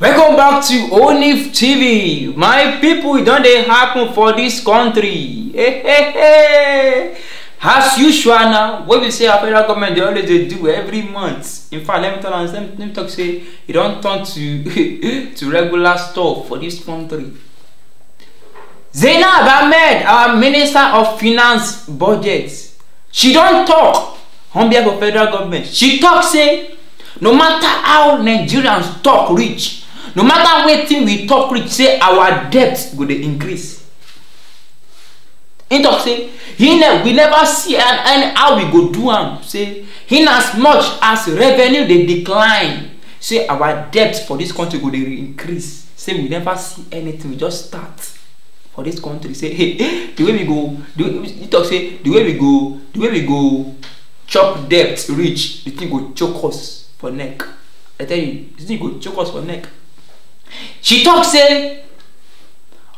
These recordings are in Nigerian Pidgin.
welcome back to onif tv my people. e don dey happen for dis country as usual na wey be say our federal government dey always dey do every month in fact let me tell let me talk say e don turn to to regular stuff for dis country zainab ahmed our minister of finance budget she don talk on behalf of federal government she tok say no matter how nigerians talk reach no matter wetin we talk reach say our debt go dey increase him talk say he ne we never see and, and how we go do am say in as much as revenue dey decline say our debt for this country go dey increase say we never see anything we just start for this country say hey the way we go the he talk say the way we go the way we go chop debt reach the thing go choke us for neck i tell you the thing go choke us for neck she tok say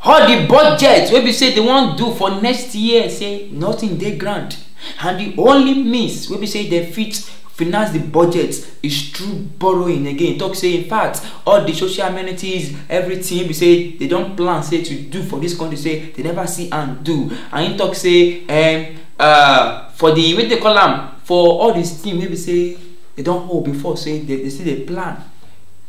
all the budget wey be say dem wan do for next year say nothing dey grand and the only means wey be say they fit finance the budget is through borrowing again tok say in fact all the social amenities everything be say they don plan say to do for this country say they never see and do and im tok say um, uh for the wey they call am for all di things wey be say they don hold before say they they still dey plan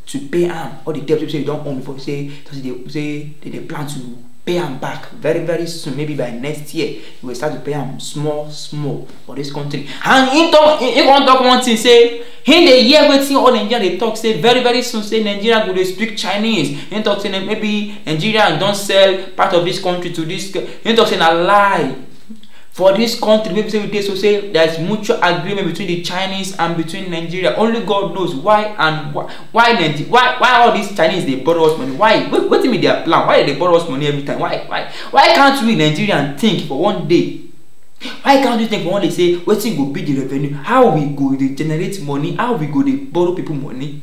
to pay am all the debt wey say you don own before say say dey say they dey plan to pay am back very very soon maybe by next year you go start to pay am small small for this country and him talk him wan talk one thing say him dey hear wetin all nigeria dey talk say very very soon say nigeria go dey speak chinese him talk say maybe nigeria don sell part of this country to this. him talk say na lie for this country wey be say we dey so say there is mutual agreement between the chinese and between nigeria only god knows why and why why Nigeria why why all these chinese dey borrow us money why wetin be their plan why dey borrow us money every time why why why can't we nigerian think for one day why can't we think for one day say wetin go be the revenue how we go dey generate money how we go dey borrow people money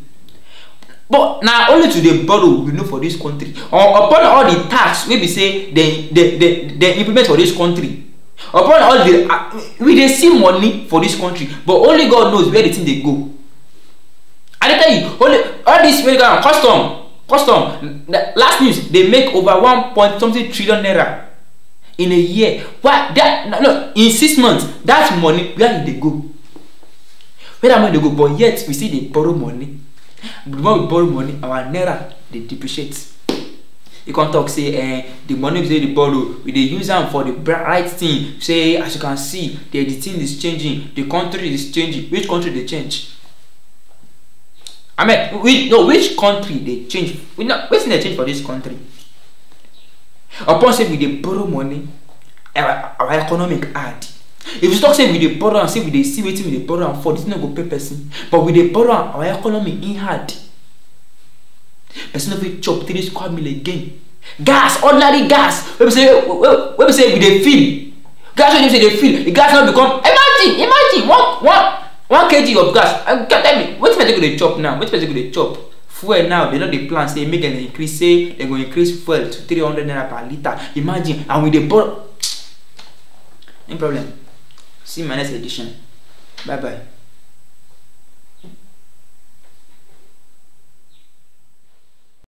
but na only to dey borrow we know for this country or upon all the tax wey be say dem implement for this country upon all the uh, we dey see money for this country but only god knows where the thing dey go i dey tell you only all this wey go custom custom last news dey make over one point something trillion naira in a year why that no in six months that money where e dey go where that money dey go but yet we still dey borrow money the more we borrow money our naira dey depreciate e come talk say eh, the money wey dey borrow we dey use am for the bright thing say as you can see the, the thing is changing the country is changing which country dey change i mean we, no, which country dey change we no, wetin dey change for this country upon say we dey borrow money our, our economic hard if you talk say we dey borrow am say we dey see wetin we dey borrow am for the thing no go pay person but we dey borrow am our economy in e hard person no fit chop three square meal again gas ordinary gas wey be say wey be say we dey fill gas wey be say dey fill the gas no become imagine imagine one one one kg of gas tell me wetin person go dey chop now wetin person go dey chop fuel now dem don dey plan say make dem increase say dem go increase fuel to three hundred naira per litre imagine and we dey borrow no problem see my next edition bye bye.